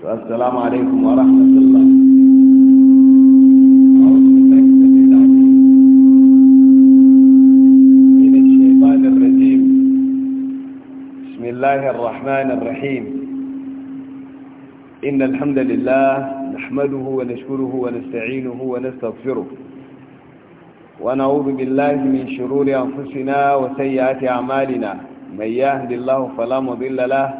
السلام عليكم ورحمة الله من الشيطان الرجيم بسم الله الرحمن الرحيم إن الحمد لله نحمده ونشكره ونستعينه ونستغفره ونعوذ بالله من شرور أنفسنا وسيئات أعمالنا من يهد الله فلا مضل له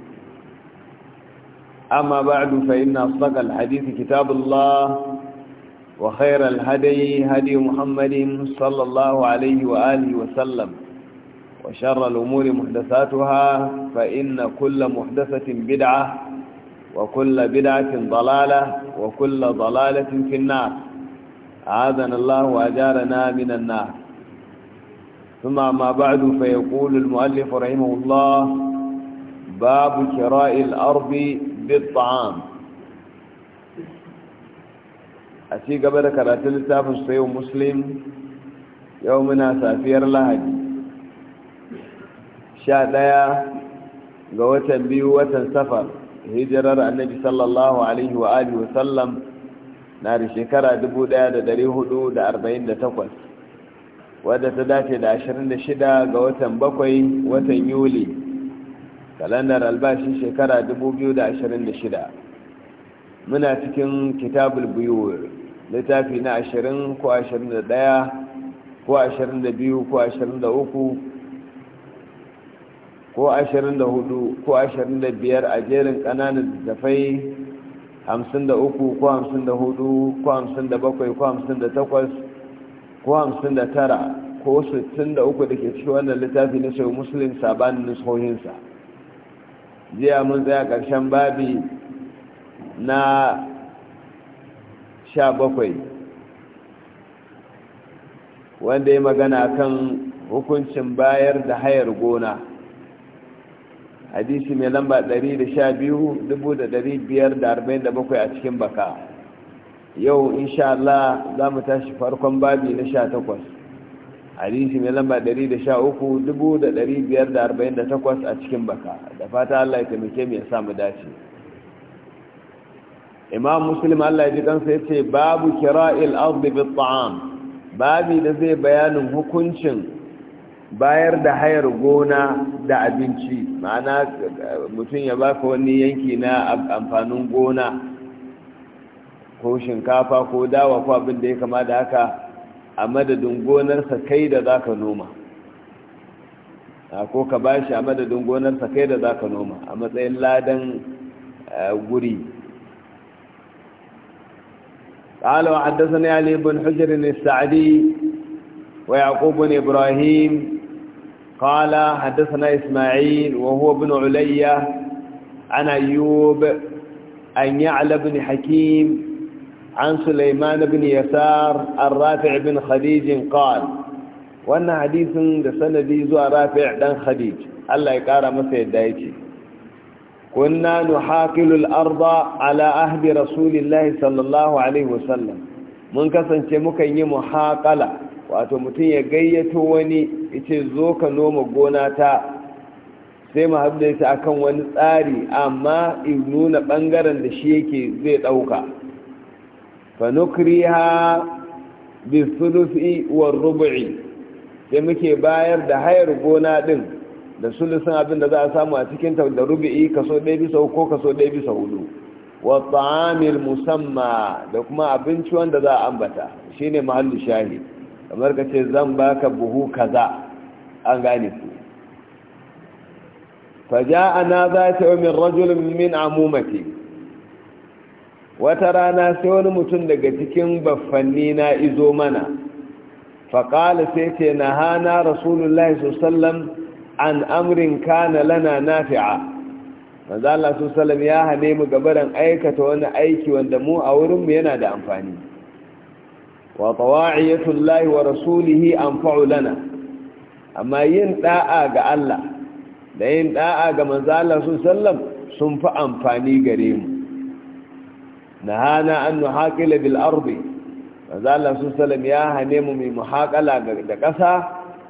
أما بعد فإن أصدق الحديث كتاب الله وخير الهدي هدي محمد صلى الله عليه وآله وسلم وشر الأمور محدثاتها فإن كل محدثة بدعة وكل بدعة ضلالة وكل ضلالة في النار أعاذنا الله وأجارنا من النار ثم ما بعد فيقول المؤلف رحمه الله باب كراء الأرض A بالطعام أتي قبل كرات التاف السيو مسلم يومنا سافير لهج شاء ليا قوة بيوة سفر hijirar annabi sallallahu alaihi wa alihi wa sallam hudu da shekara 1448 wadda ta dace da 26 ga watan bakwai watan yuli kalandar albashi shekara 2026 muna cikin kitabul buyur littafi na 20 ko 21 ko 22 ko 23 ko 24 ko 25 a jerin kananan zafai 53 ko 54 ko 57 ko 58 ko 59 ko 63 da ke cikin wannan littafi na sai musulun sabanin nusohinsa jiya mun tsaya karshen babi na sha bakwai wanda ya magana kan hukuncin bayar da hayar gona hadisi mai lamba 112,547 a cikin baka yau insha Allah za mu tashi farkon babi na sha takwas hadisi mai lamba 113,548 a cikin baka da fata Allah ya taimake mai samu dace imam muslim Allah ya ji kansa ya ce babu il-arzi bit ta'am babi da zai bayanin hukuncin bayar da hayar gona da abinci ma'ana mutum ya baka wani yanki na amfanin gona ko shinkafa ko dawa ko abin da ya kama da haka a madadin gonarsa ka a madadin gonarsa kai da za ka noma a matsayin ladan eh, guri ƙalawa haddasa ne alibin hujjarin sa'adi wa yaƙubin ibrahim ƙala haddasa na ismail wa huwabin uliya ana yiwu an yi alabin hakim عن سليمان بن يسار الرافع بن خديج قال وانا حديث لسندي زوى رافع بن خديج الله يقارى مسيد دايتي كنا نحاكل الأرض على أهد رسول الله صلى الله عليه وسلم من كسن تمكن محاقلة wato mutum ya gayyato wani ita zo ka noma gona ta sai mu haɗu da ita akan wani tsari amma in nuna ɓangaren da shi yake zai ɗauka fanukriha bisulusi war rubu'i sai muke bayar da hayar gona din da sulusin abin da za a samu a cikin ta da rubu'i kaso ɗaya bisa ko kaso ɗaya bisa 4 wa ta'amil musamma da kuma abinci wanda za a ambata shine mahallu shahi kamar ka ce zan baka buhu kaza an gane ku فجاءنا ذات يوم رجل من عمومتي wata rana sai wani mutum daga cikin baffanni na izo mana faƙala sai ce na hana rasulullahi sosallam an amurin kana lana nafi'a manzala sosallam ya hane mu gabaran aikata wani aiki wanda mu a wurinmu yana da amfani wa tawa'iyatullahi wa rasulihi anfa'u lana amma yin ɗa'a ga Allah da yin ɗa'a ga manzala sosallam sun fi amfani gare mu nahana an nuhaqila bil ardi manzo Allah ya hane mu mai muhaqala da ƙasa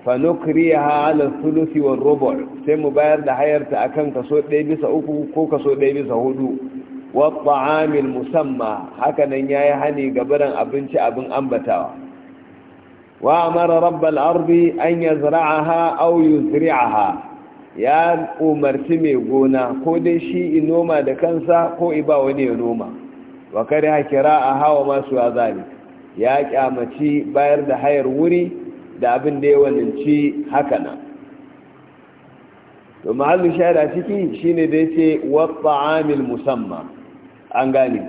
fa ha ala thuluthi war rubu' sai mu bayar da hayarta akan kaso 1 bisa 3 ko kaso 1 bisa 4 wa ta'amil musamma haka nan yayi hani gabaran abinci abin ambatawa wa amara rabbal ardi an yazra'aha aw yuzri'aha ya umarci mai gona ko dai shi inoma da kansa ko iba wani ya noma wa kariha hakira a hawa masu azali ya kyamaci bayar da hayar wuri da abin da ya walinci haka nan to mahallu shaida ciki shine da yace wa ta'amil musamma an gane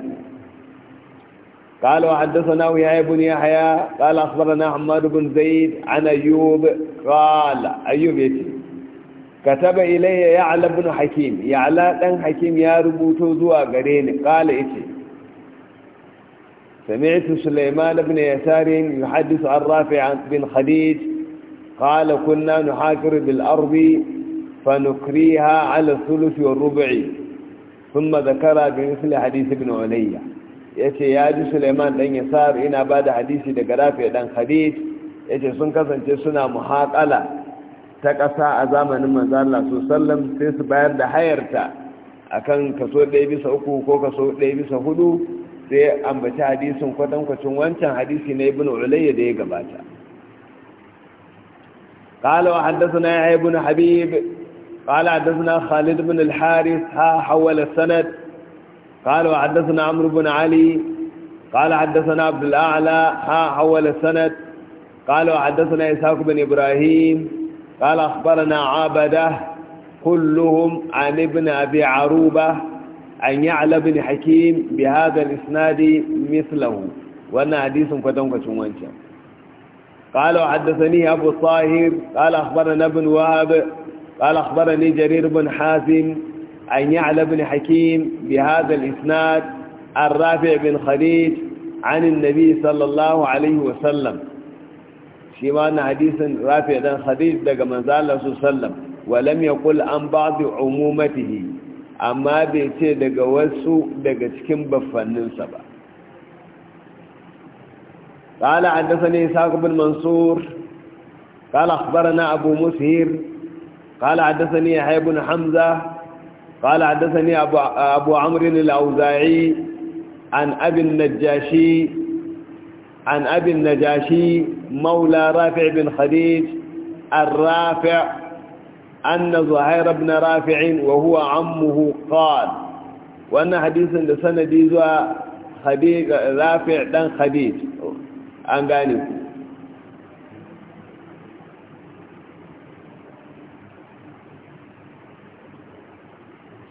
قال وحدثنا ويا بن يحيى قال اخبرنا حماد بن زيد عن ايوب قال ايوب يتي كتب الي يعلى بن حكيم يعلى دان حكيم يا ربوتو زوا غريني قال يتي سمعت سليمان بن يسار يحدث عن رافع بن خديج قال كنا نحاكر بالأرض فنكريها على الثلث والربع ثم ذكر بمثل حديث ابن علي yace ya ji Suleiman dan Yasar ina bada hadisi daga Rafi dan Khadij yace sun kasance suna muhaqala ta ƙasa a zamanin manzo Allah sai su bayar da hayarta akan kaso 1 bisa uku ko kaso 1 bisa sai ambaci hadisin kwatankwacin wancan hadisi na ibn ulayya da ya gabata قال وحدثنا يحيى بن حبيب قال حدثنا خالد بن الحارث ها حول السند قال وحدثنا عمرو بن علي قال حدثنا عبد الأعلى ها حول السند قال وحدثنا إسحاق بن إبراهيم قال أخبرنا عابده كلهم عن ابن أبي عروبة an ya'la bin hakim bi hadha al-isnad mithlahu wannan hadisin kwatankwacin wancan قال حدثني أبو الطاهر قال أخبرنا ابن وهب قال أخبرني جرير بن حازم عن يعلى بن حكيم بهذا الإسناد الرافع بن خديج عن النبي صلى الله عليه وسلم شمان حديث رافع بن خديج دق من ذا الله صلى الله عليه وسلم ولم يقل عن بعض عمومته amma bai ce daga wasu daga cikin baffanninsa ba قال حدثني إسحاق بن منصور قال أخبرنا أبو مسهر قال حدثني يحيى بن حمزة قال حدثني أبو, أبو عمرو الأوزاعي عن أبي النجاشي عن أبي النجاشي مولى رافع بن خديج الرافع أن زهير بن رافع وهو عمه قال وأن حديث لسنة ديزوى رافع دان خديج أن قالوا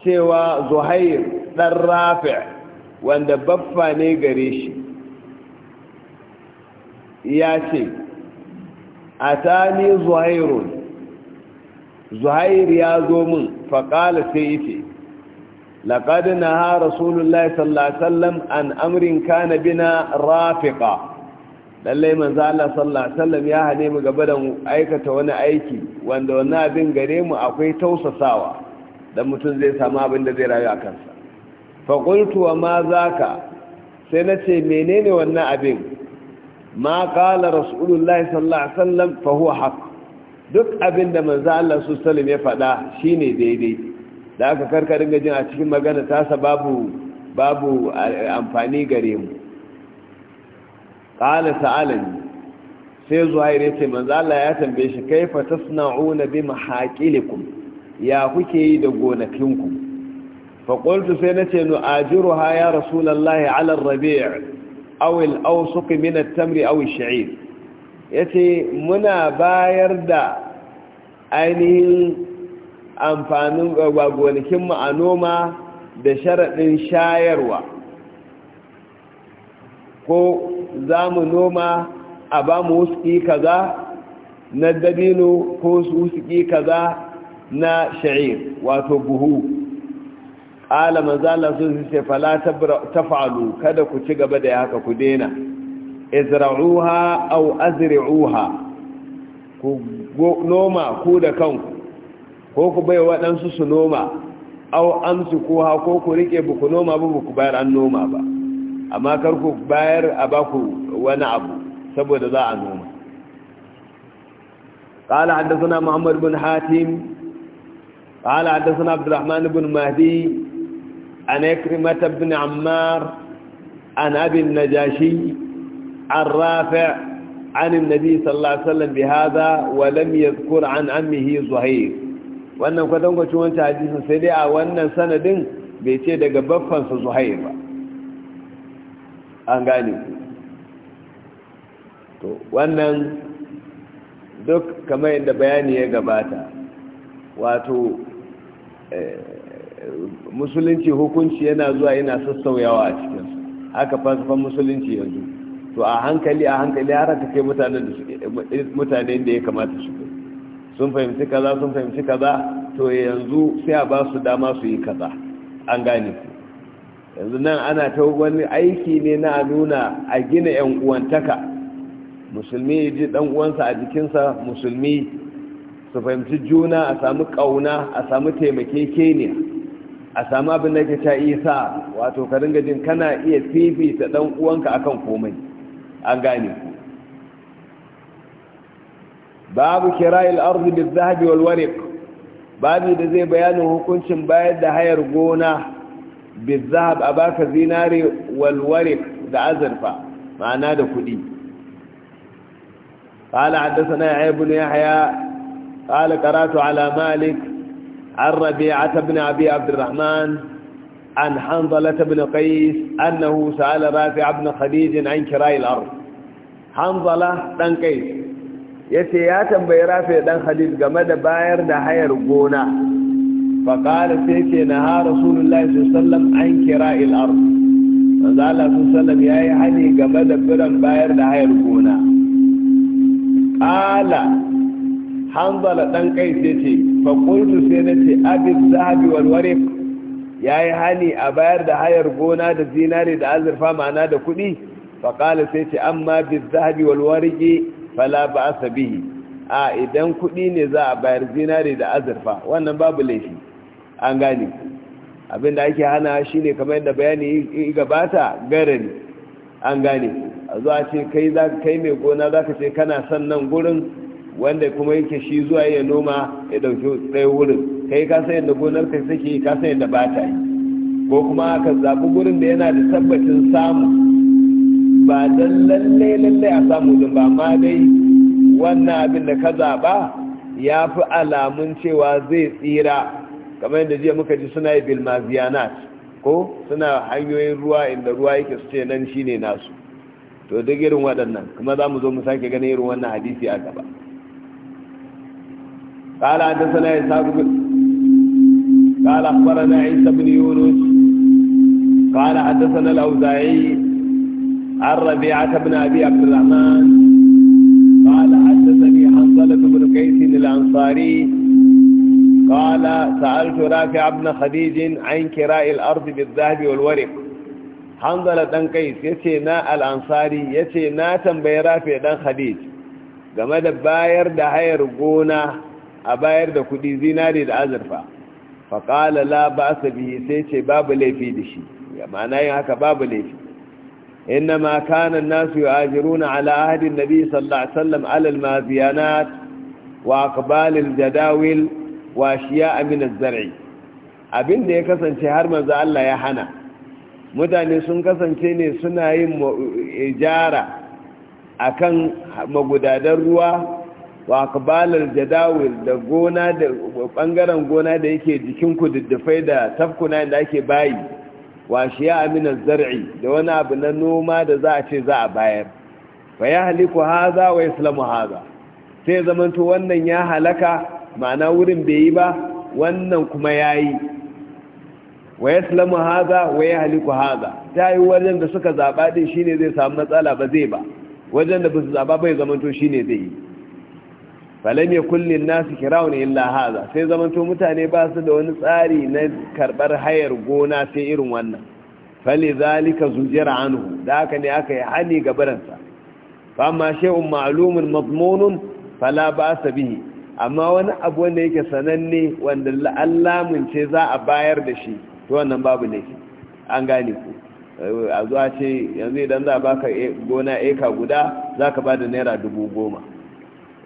cewa zuhair ɗan rafi wanda baffa ne gare shi ya zuhair ya zo min faƙala sai ife laƙad na ha rasulullahi sallasallam an amrin kana bina rafiƙa lallai manzo Allah sallasallam ya hane mu gaba da aikata wani aiki wanda wani abin gare mu akwai tausasawa don mutum zai samu abin da zai rayu a kansa faƙultu wa ma za ka sai na ce menene wannan abin ma ƙala rasulullahi sallasallam fa haka duk abin da manzo Allah su sallam ya faɗa shine daidai da aka karkarin gajin a cikin magana tasa babu babu amfani gare mu qala sa'alani sai zuhair sai manzo Allah ya tambaye shi kaifa tasna'una bi mahaqilikum ya kuke yi da gonakinku fa qultu sai nace nu ajiruha ya rasulullahi ala ar-rabi' aw al-awsuq min at-tamr aw ash-sha'ir ya ce muna bayar da ainihin amfanin gonakinmu a noma da sharaɗin shayarwa ko za mu noma a ba mu wuski kaza na dabino ko wuski kaza na sha'ir wato buhu ƙala manzala sun ce fala ta fa'alu kada ku ci gaba da haka ku dena izra'uha aw azri'uha ku noma ku da kanku ko ku bai waɗansu su noma aw amsikuha ko ku rike buku noma ba ku bayar an noma ba amma kar ku bayar a baku wani abu saboda za a noma قال حدثنا محمد بن حاتم قال حدثنا عبد الرحمن بن مهدي عن إكرمة بن عمار عن أبي النجاشي عن رافع عن النبي صلى الله عليه وسلم بهذا ولم يذكر عن عمه زهير wannan kwatankwacin wancan hadisin sai dai a wannan sanadin bai ce daga baffansa zuhair ba an gane to wannan duk kamar yadda bayani ya gabata wato musulunci hukunci yana zuwa yana sassauyawa a cikinsu haka fasfan musulunci yanzu to a hankali a hankali har ka kai mutanen da ya kamata su kai sun fahimci kaza sun fahimci kaza to yanzu sai a ba su dama su yi kaza an gane ku yanzu nan ana ta wani aiki ne na nuna a gina yan uwantaka musulmi ya ji dan uwansa a jikinsa musulmi su fahimci juna a samu kauna a samu taimakekeniya a samu abin da ke ta isa wato ka ringa jin kana iya fifita dan uwanka akan komai an gane ku babu kirayil arzi bil zahabi wal wariq babu da zai bayanin hukuncin bayar da hayar gona bil zahab a baka zinare wal wariq da azurfa ma'ana da kuɗi قال حدثنا يحيى بن يحيى قال قرات على مالك عن ربيعة بن أبي عبد الرحمن عن حنظلة بن قيس أنه سأل رافع بن خديج عن كراء الأرض حنظلة بن قيس yace ya tambayi rafi ɗan khalid game da bayar da hayar gona fa sai ce na ha rasulullahi sallallahu an kira'il ard manzo Allah sallallahu yayi hani game da biran bayar da hayar gona qala hanzala dan kai sai ce fa sai nace abi zahabi ya yi hani a bayar da hayar gona da zinare da azurfa ma'ana da kuɗi faƙala sai ce amma bi zahabi walwarige fala ba a sabihi a idan kuɗi ne za a bayar zinare da azurfa wannan babu laifi an gane abin ake hana shi ne kamar yadda bayani gabata garari an gane a zuwa ce kai mai gona za ka ce kana son nan gurin wanda kuma yake shi zuwa ya noma ya dauki tsaye wurin kai ka san yadda gonar ka take ka san yadda ba yi ko kuma ka zaɓi gurin da yana da tabbacin samu ba dan lalle lalle a samu din ba amma dai wannan abin da ka zaɓa ya fi alamun cewa zai tsira kamar yadda jiya muka ji suna yi bilmaziyanat ko suna hanyoyin ruwa inda ruwa yake su ce nan shine nasu to duk irin waɗannan kuma za mu zo mu sake ganin irin wannan hadisi a gaba قال حدثنا إسحاق بن قال أخبرنا عيسى بن يونس قال حدثنا الأوزاعي عن ربيعة بن أبي عبد الرحمن قال حدثني حنظلة بن قيس الأنصاري قال سألت رافع بن خديج عن كراء الأرض بالذهب والورق حنظلة بن قيس يتينا الأنصاري يتينا تنبي رافع بن خديج game باير دهير da a bayar da kuɗi zinari da azurfa faƙala la ba sa bihi sai ce babu laifi da shi ya ma'ana yin haka babu laifi inna ma kana nasu yu'ajiruna ala nabi sallallahu alaihi wasallam alal maziyanat wa jadawil wa shiya zari abin da ya kasance har manzo Allah ya hana mutane sun kasance ne suna yin ijara eh, akan magudadan ruwa wa akbalar jadawil da gona da bangaren gona da yake jikin ku diddafai da tafkuna da ake bayi wa shiya aminan zar'i da wani abu na noma da za a ce za a bayar fa ya haliku haza wa islamu haza sai zamanto wannan ya halaka ma'ana wurin bai yi ba wannan kuma ya yi wa islamu haza wa ya haliku haza ta yi wajen da suka zaɓa ɗin shine zai samu matsala ba zai ba wajen da ba su zaɓa bai zamanto shine zai yi falam kullin nasu nas kirawun illa hadha sai zamanto mutane ba su da wani tsari na karbar hayar gona sai irin wannan fali zalika zujira anhu da haka ne aka yi hali ga baransa fa amma shay'un ma'lumun madmunun fala ba'sa bihi amma wani abu wanda yake sananne wanda Allah ce za a bayar da shi to wannan babu ne an gane ku a zuwa ce yanzu idan za baka gona eka guda zaka bada naira dubu goma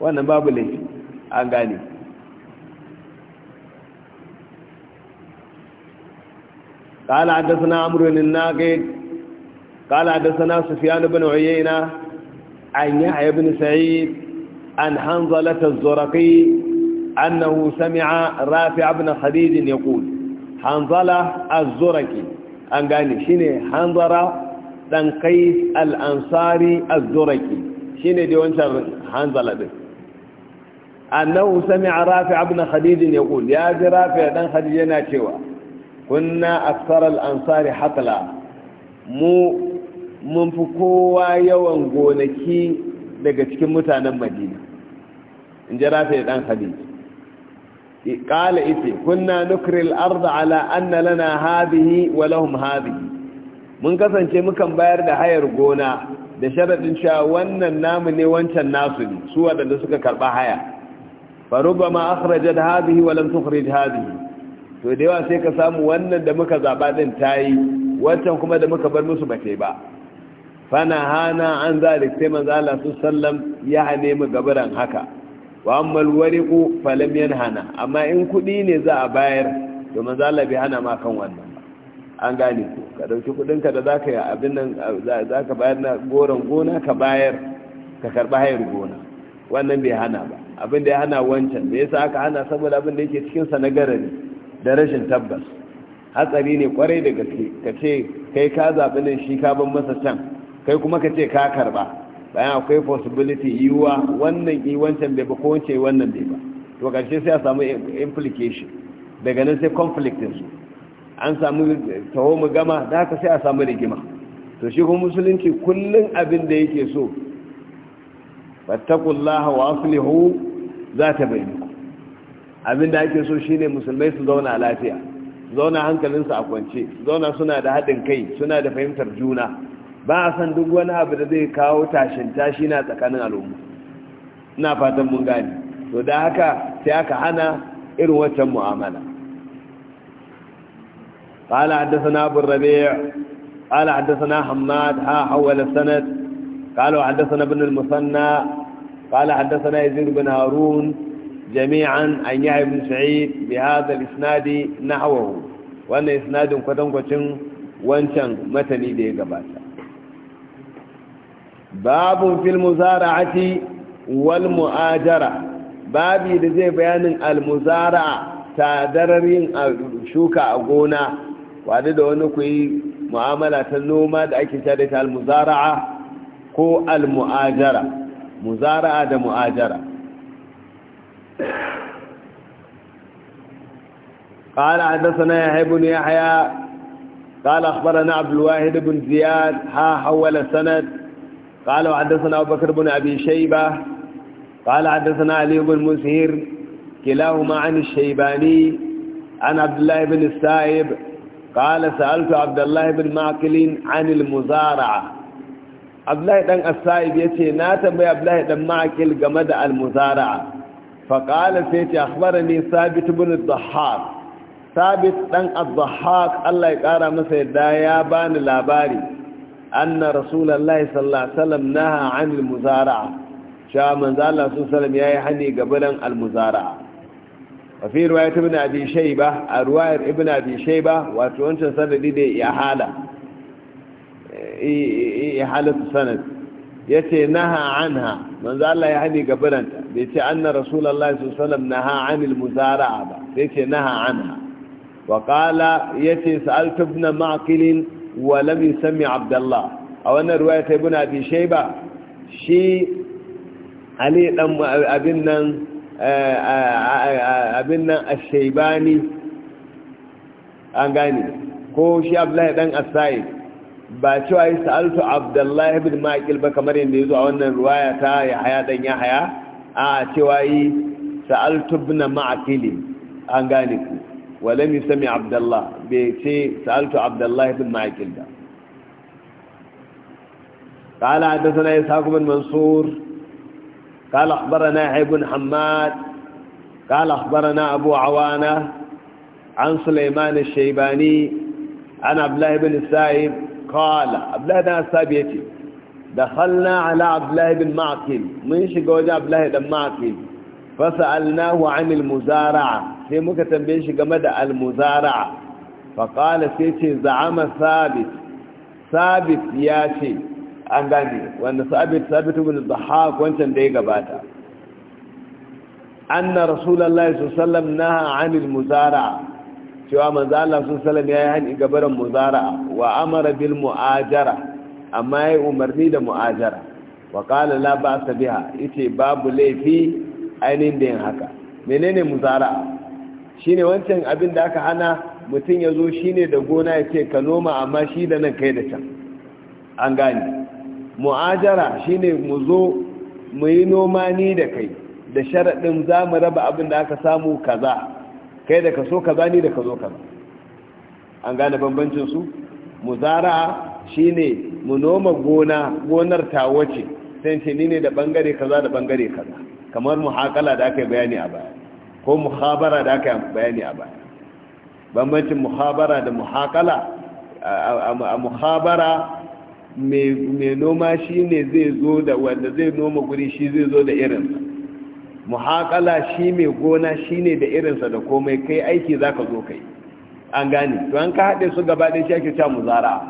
wannan babu laifi an gane قال حدثنا عمرو بن الناقد قال حدثنا سفيان بن عيينة عن يحيى بن سعيد عن حنظلة الزرقي أنه سمع رافع بن خديج يقول حنظلة الزرقي أن قال شيني حنظرة تنقيس الأنصاري الزرقي شيني دي وانشر حنظلة بن annahu sami'a rafi' ibn khadij yaqul ya ji rafi' dan khadij yana cewa kunna akthar al-ansari mun fi kowa yawan gonaki daga cikin mutanen madina in ji rafi' dan khadij qala ite kunna nukril al-ard ala anna lana hadhihi wa lahum mun kasance mukan bayar da hayar gona da sharadin cewa wannan namu ne wancan nasu ne su waɗanda suka karɓa haya faruba ma akhraja da hadhihi wa lam tukhrij hadhihi to da yawa sai ka samu wannan da muka zaba din tayi wancan kuma da muka bar musu bace ba fana hana an zalik sai manzo Allah sallam ya hane mu gabaran haka wa ammal wariqu falam yanhana amma in kudi ne za a bayar to manzo Allah bai hana ma kan wannan an gane ku ka dauki ka da zaka yi abin nan zaka bayar na goran gona ka bayar ka karba hayar gona wannan bai hana ba abin da ya hana wancan me yasa aka hana saboda abin da yake cikin sa na garari da rashin tabbas hatsari ne kwarai da gaske ka ce kai ka zaɓi nan shi ka ban masa can kai kuma ka ce ka karba bayan akwai possibility yiwuwa wannan yi wancan bai ba ko wance wannan bai ba to karshe sai a samu implication daga nan sai conflict din su an samu taho mu gama da haka sai a samu rigima to shi kuma musulunci kullun abin da yake so fattakullaha wa aslihu za ta Abin abinda ake so shine musulmai su zauna lafiya zauna hankalinsu a kwance zauna suna da haɗin kai suna da fahimtar juna ba a san duk wani abu da zai kawo tashin tashi na tsakanin al'umma ina fatan mun gani to da haka sai aka hana irin waccan mu'amala قال حدثنا ابو الربيع قال حدثنا حماد ها حول السند قالوا حدثنا ابن المثنى قال حدثنا يزيد بن هارون جميعا عن يحيى بن سعيد بهذا الاسناد نحوه وان اسناد كتن كتن وانشان متني دي غباتا باب في المزارعه والمؤاجره babi da zai bayanin almuzara tadarar yin shuka a gona wadda da wani ku yi mu'amala ta noma da ake ta da ta almuzara'a ko al-mu'ajara muzara'a da mu'ajara قال حدثنا يحيى بن يحيى قال أخبرنا عبد الواحد بن زياد ها حول سند قال وحدثنا أبو بكر بن أبي شيبة قال حدثنا علي بن مسهر كلاهما عن الشيباني عن عبد الله بن السائب قال سألت عبد الله بن معقل عن المزارعة abdullahi dan as ya ce na tambayi abdullahi dan ma'aqil game da al-muzara'a fa qala sai ce ne sabit bin ad-dhahhak sabit dan ad Allah ya kara masa yadda ya bani labari anna rasulullahi sallallahu na wasallam 'an al-muzara'a sha manzo Allah sallallahu alaihi wasallam yayi hani gaban al-muzara'a wa fi riwayat ibn abi shayba a riwayar ibn abi shayba wato wancan sanadi da ya hada? ihalatu sanad yace naha anha manzo Allah ya hani gabaranta bai ce anna rasulullahi sallallahu alaihi wasallam naha anil muzara'a ba sai ce naha anha wa qala yace sa'altu ibn ma'qil wa lam yusmi abdullah a wannan ruwaya ta ibn abi shayba shi ali dan abin nan abin nan ash-shaybani an gane ko shi abdullahi dan as ba cewa yi sa'altu abdullahi bin ma'aƙil ba kamar yadda ya zo a wannan ruwaya ta ya haya ɗan ya haya a cewa yi sa'altu bin ma'aƙili an gane ku wale mi sami abdullahi bai ce sa'altu abdullahi bin ma'aƙil ba قال حدثنا إسحاق بن منصور قال أخبرنا na بن حماد قال أخبرنا أبو عوانة عن An الشيباني عن An Abdullahi bin السائب qala abdullahi dan asabi da dakhalna ala abdullahi bin ma'qil mun shiga waje abdullahi dan ma'qil fasalnahu anil muzara'a sai muka tambaye shi game da al muzara'a faqala sai ce za'ama sabit sabit ce, an gane wanda sabit sabit ibn dhahak wancan da ya gabata anna rasulullahi sallallahu alaihi wasallam naha anil muzara'a cewa manzo Allah sallallahu ya yi hani gabaran muzara'a wa amara bil mu'ajara amma ya umarni da mu'ajara wa qala la ba'sa biha ite babu laifi ainin da yin haka menene muzara'a shine wancan abin da aka hana mutum yazo zo shine da gona ya ce ka noma amma shi da nan kai da can an gane mu'ajara shine mu zo mu yi noma ni da kai da sharaɗin za mu raba abin da aka samu kaza kai da ka so kaza ni da ka zo kaza an gane bambancinsu? su muzara'a shine mu noma gona gonar tawo ce sai ce ni ne da bangare kaza da bangare kaza kamar muhakala da aka yi bayani a baya ko muhabara da aka yi bayani a baya bambancin muhabara da muhakala a muhabara mai noma shi ne zai zo da wanda zai noma guri shi zai zo da irinsa muhaƙala shi mai gona shi ne da irinsa da komai kai aiki za ka zo kai an gane to an ka haɗe su gaba ɗaya shi ake ta muzara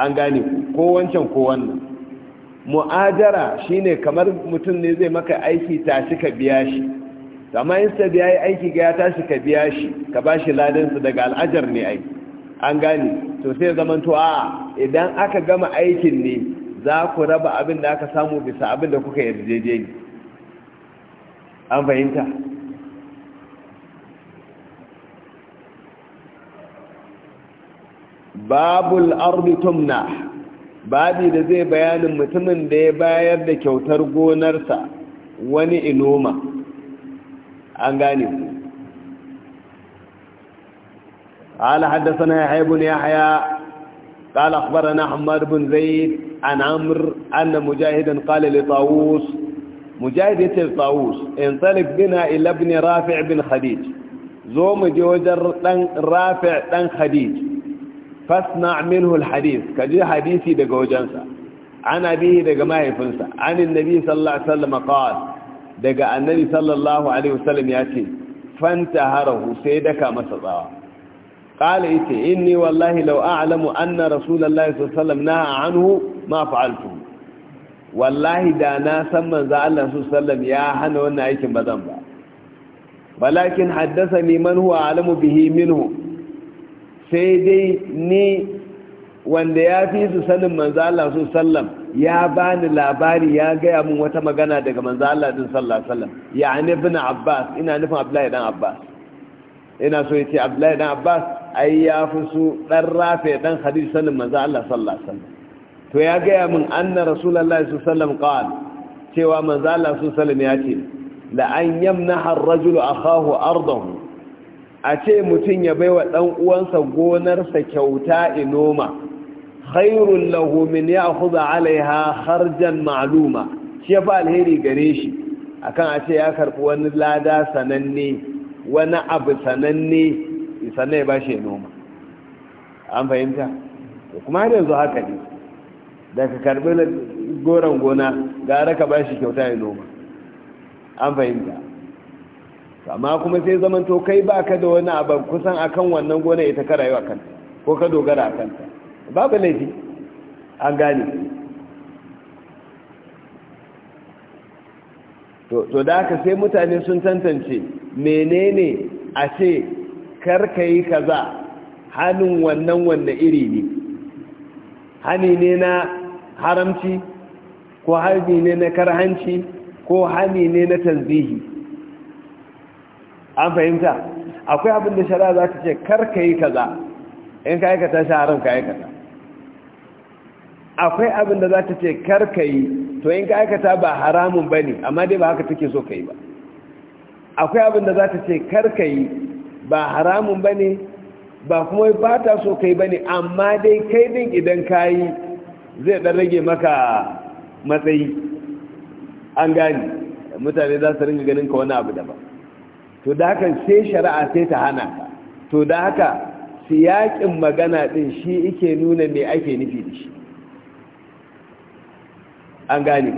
an gane ko wancan ko wannan mu'ajara shi ne kamar mutum ne zai maka aiki tashi ka biya shi amma in sa biya aiki ga ya tashi ka biya shi ka ba shi ladansa daga al'ajar ne aiki an gane to sai zaman to a idan aka gama aikin ne za ku raba abin da aka samu bisa abin da kuka yarjejeni an fahimta babul ardi tumna babi da zai bayanin mutumin da ya bayar da kyautar gonarsa wani inoma an gane ku قال حدثنا يحيى بن يحيى قال أخبرنا حماد بن زيد عن عمرو أن مجاهدا قال لطاووس mujahid ya ce tsawus in tsarif bina ilabni rafi' bin khadij zo mu je wajen dan rafi' dan khadij fasna minhu alhadith ka ji hadisi daga wajensa ana bihi daga mahaifinsa anin nabi sallallahu alaihi wasallam qala daga annabi sallallahu alaihi wasallam ya ce fantaharahu sai daka masa tsawa qala ite inni wallahi law a'lamu anna rasulullahi sallallahu alaihi anhu ma fa'altu wallahi da na san manzo Allah su sallam ya hana wannan aikin ba zan ba walakin haddasa ni man huwa alamu bihi minhu sai dai ni wanda ya fi su sanin manzo Allah su sallam ya bani labari ya gaya min wata magana daga manzo Allah din sallallahu alaihi wasallam ya ibn Abbas ina nufin Abdullahi dan Abbas ina so yace Abdullahi dan Abbas ai ya fi su dan Rafi dan Khadija sanin manzo Allah sallallahu alaihi wasallam to ya gaya min anna rasulullahi sallallahu alaihi cewa manzo Allah sallallahu ya ce la an yamnaha ar-rajulu akahu ardahu a ce mutum ya baiwa dan uwansa gonarsa kyauta inoma khairul lahu min ya'khudha 'alayha kharjan ma'luma shi fa alheri gare shi akan a ce ya karbi wani lada sananne wani abu sananne sannan ya bashi noma an fahimta kuma har yanzu haka ne da ka karbi na goron gona gara ka bashi kyauta ya noma an fahimta amma kuma sai zaman to kai ba ka da wani abu kusan akan wannan gona ita ka rayu a kanta ko ka dogara a kanta babu laifi an gane to da aka sai mutane sun tantance menene a ce karka yi kaza hannun wannan wanda iri ne hannu ne na haramci ko harbi ne na karhanci ko hami ne na tanzihi an fahimta akwai abin da shari'a za ta ce karka yi kaza in ka aikata shi haram ka aikata akwai abin da za ta ce karka yi to in ka aikata ba haramun ba ne amma dai ba haka take so ka yi ba akwai abin da za ta ce karka yi ba haramun ba ne ba kuma ba ta so ka yi ba ne amma dai kai din idan ka yi zai dan rage maka matsayi an gani mutane za su ringa ganin ka wani abu daban to da haka sai shari'a sai ta hana ka to da haka siyakin magana din shi yake nuna me ake nufi da shi an gani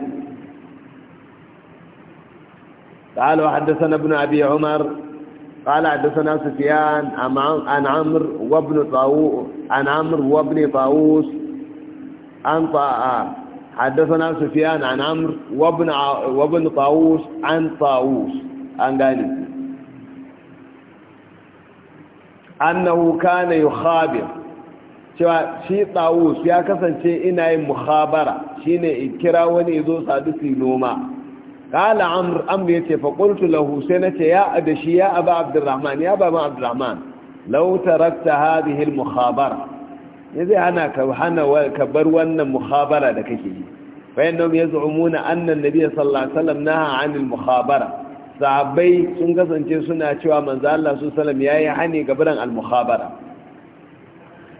قال وحدثنا ابن أبي عمر قال حدثنا سفيان عن عمر وابن طاووس عن حدثنا سفيان عن عمرو وابن وابن طاووس عن طاووس عن قال أنه كان يخابر cewa shi tsawus ya kasance ina yin muhabara shine kira wani izo sadu su noma kala amr amr ya ce faƙultu lahu sai na ce ya adashi ya aba abdurrahman ya ba ma abdurrahman lau tarakta hadihil muhabara ya zai hana ka hana ka bar wannan muhabara da kake yi bayan da ya zuumuna annan nabi sallallahu alaihi wasallam naha anil muhabara sahabbai sun kasance suna cewa manzo Allah su sallam yayi hani ga barin al muhabara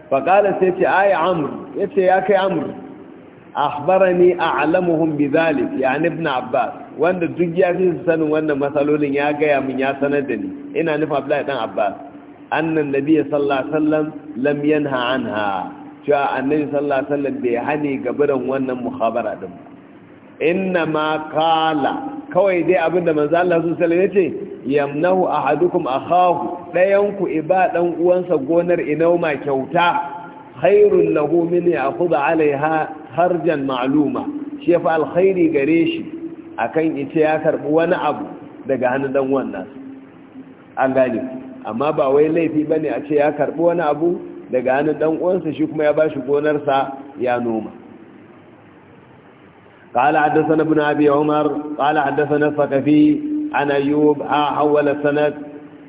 fa qala sai ce ay amr yace ya kai amr akhbarani a'lamuhum bidhalik yani ibn abbas wanda duk ya fi sanin wannan matsalolin ya gaya min ya sanar da ni ina nufin abdullahi dan abbas annan nabiyyi sallallahu alaihi wasallam lam yanha anha cewa annabi sallallahu alaihi wasallam bai hane gabaran wannan muhabara din inna ma kala kawai dai abinda manzo Allah sallallahu alaihi wasallam yace yamnahu ahadukum akahu dayan ku iba ɗan uwansa gonar inauma kyauta khairul lahu min ya'khudha alaiha harjan ma'luma shi fa alkhairi gare shi akan ita ya karbi wani abu daga hannun dan wannan an gane amma ba wai laifi ba ne a ce ya karɓi wani abu daga hannu ɗan’uwansa shi kuma ya ba shi gonarsa ya noma. ƙala haddasa bin abi umar ƙala haddasa na sakafi ana yi a hawala sanat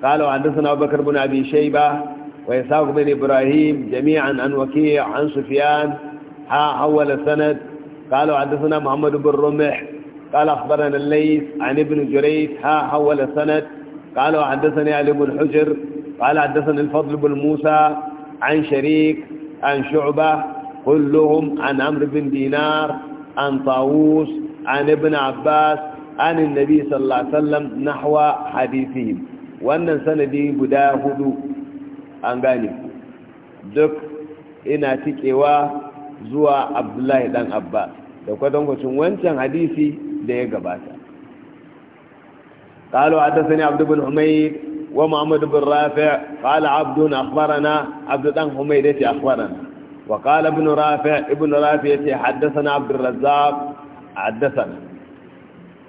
ƙala haddasa na bakar bin abi shai ba wai sa ibrahim jami'an an waki an sufiyan ha hawala sanat ƙala haddasa na muhammadu bin rumah ƙala akhbaran lais an ibn jurayth ha hawala sanat قال وحدثني علي بن حجر قال حدثني الفضل بن موسى عن شريك عن شعبة كلهم عن عمرو بن دينار عن طاووس عن ابن عباس عن النبي صلى الله عليه وسلم نحو حديثهم وأن سندي بدا هدو an gane duk ina tikewa zuwa abdullahi dan abba da kwatankwacin wancan hadisi da ya gabata قالوا حدثني عبد بن حميد ومحمد بن رافع قال عبد أخبرنا عبد بن حميد أخبرنا وقال ابن رافع ابن رافع حدثنا عبد الرزاق حدثنا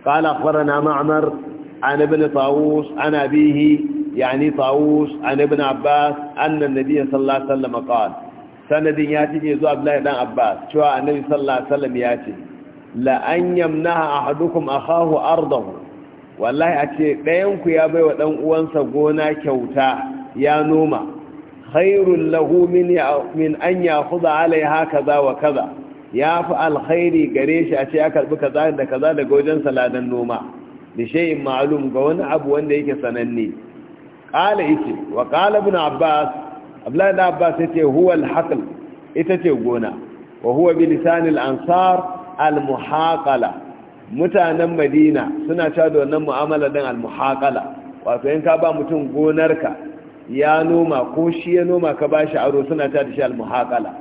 قال أخبرنا معمر عن ابن طاووس عن أبيه يعني طاووس عن ابن عباس أن النبي صلى الله عليه وسلم قال سند ياتي ce عبد الله بن عباس شو النبي صلى الله عليه وسلم ياتي لأن يمنع أحدكم أخاه أرضه wallahi a ce ɗayanku ya bai wa ɗan gona kyauta ya noma khairun lahu min an ya huza alaiha kaza wa kaza ya fi alkhairi gare shi a ce ya karɓi kaza da kaza daga wajen saladan noma da shayin ma'alum ga wani abu wanda yake sananne ƙala ike wa ƙala bin abbas abdullahi da abbas ya ce huwal alhaƙal ita ce gona wa huwa bilisanil ansar almuhaƙala mutanen madina suna cewa da wannan mu'amala din almuhaqala wato in ka ba mutum gonarka ya noma ko shi ya noma ka ba shi aro suna cewa shi almuhaqala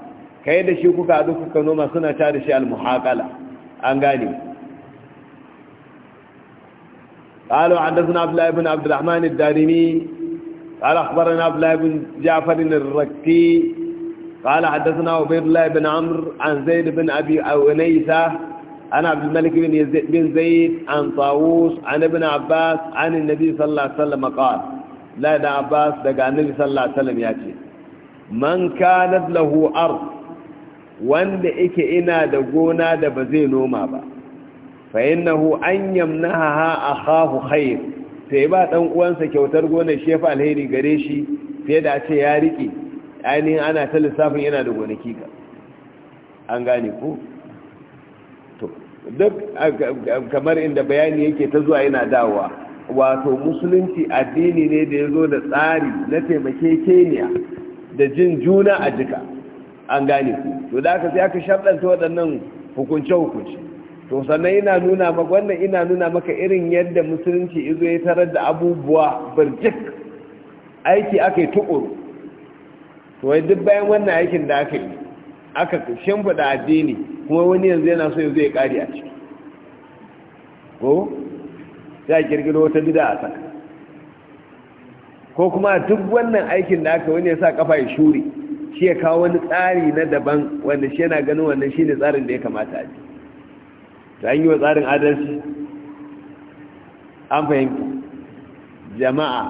kai da shi kuka haɗu kuka noma suna cewa shi almuhaqala an gane قالوا حدثنا عبد الله بن عبد الرحمن الدارمي قال أخبرنا عبد الله بن جعفر الركي قال حدثنا عبيد الله بن عمرو عن زيد بن أبي أونيسة أنا عبد الملك بن زيد عن طاووس عن ابن عباس عن النبي صلى الله عليه وسلم قال لا ابن عباس دقى النبي صلى الله عليه وسلم ياتي من كانت له أرض wanda yake ina da gona da ba zai noma ba fa innahu an yamnaha akahu khair sai ba dan uwansa kyautar gonar shi alheri gare shi sai da ce ya rike ainihin ana ta lissafin yana da gonaki ka an gane ko duk kamar inda bayani yake ta zuwa yana dawowa wato musulunci addini ne da ya zo da tsari na taimake keniya da jin juna a jika an gane ku to da aka sai aka shaɗanta waɗannan hukunce hukunci to sannan ina nuna maka wannan ina nuna maka irin yadda musulunci izo ya tarar da abubuwa birjik aiki aka yi tukuru to duk bayan wannan aikin da aka yi aka shimfiɗa addini kuma wani yanzu yana so yanzu ya kare a ciki ko sai a kirkiro wata bida a saka ko kuma duk wannan aikin da aka wani ya sa kafa ya shuri shi ya kawo wani tsari na daban wanda shi yana ganin wannan shi ne tsarin da ya kamata a ciki. ta yi wa tsarin adalci an fahimta jama'a